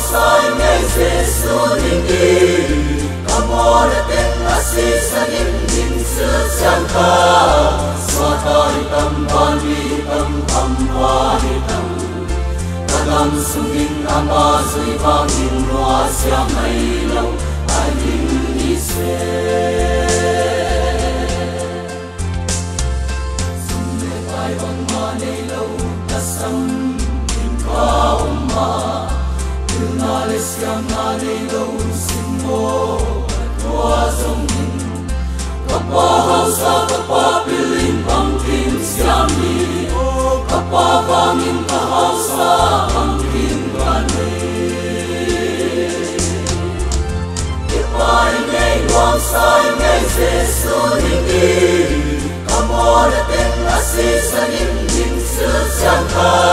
sai ngay Giêsu đi đi Amor te asi sanin din sư sang ta Xoa ta đi tâm ban đi tâm tâm hoa tâm Ta tâm sung din ama duy vang din loa sang ngay lâu escamane do simo tua song Papa hausa papa piling pangkin siami Papa bangin ta hausa pangkin bani Ipai nei wang sai nei se su hingi Kamore ten la si sanin nin su siang kai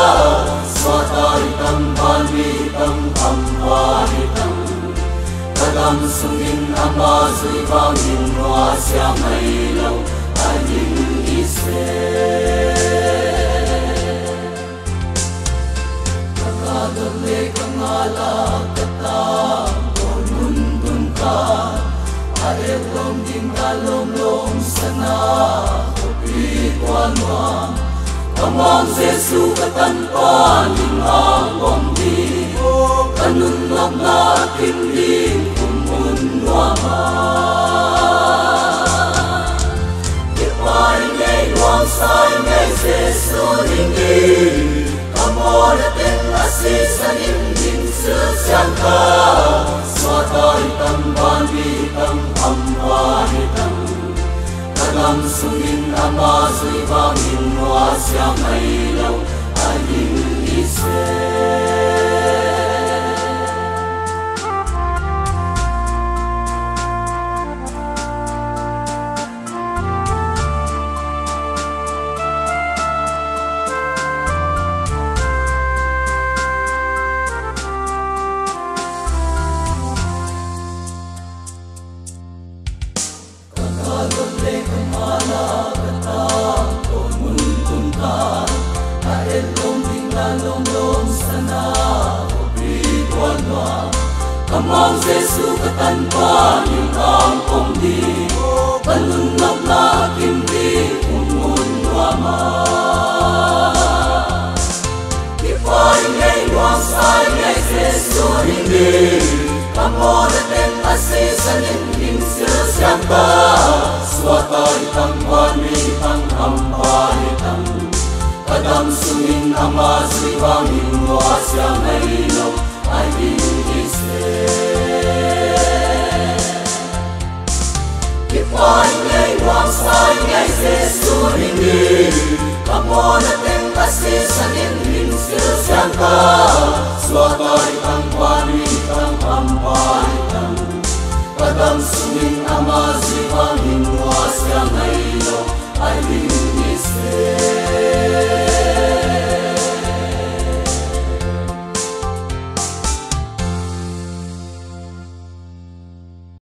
con Giêsu katan con na con đi thân kanun nok na tin đi cùng muôn hoa. ma ke pai nei luang sai nei Giêsu linh đi amor ten asisan nhìn nhìn sư sang ca xóa toi tâm ban vì tâm âm hoa lam suin ama zui va min hoa sia mai lâu ai in đi xe mong Giêsu có tan qua những con không đi vẫn luôn lấp lá kim đi cùng muốn hoa mà khi phải ngày đoàn sai ngày Giêsu hình đi ta ta. Xua tay Amor tem pasisan in in sir siapa suatai tang wani tang hampani mà kadam sungin ama hoa wangi muasiam elino hoàng Jesus Kapon ngay wang san ngay Jesu ringi Kapon at ang kasi sa ninmin silsyan ka Suwatay ang thăng ang ampay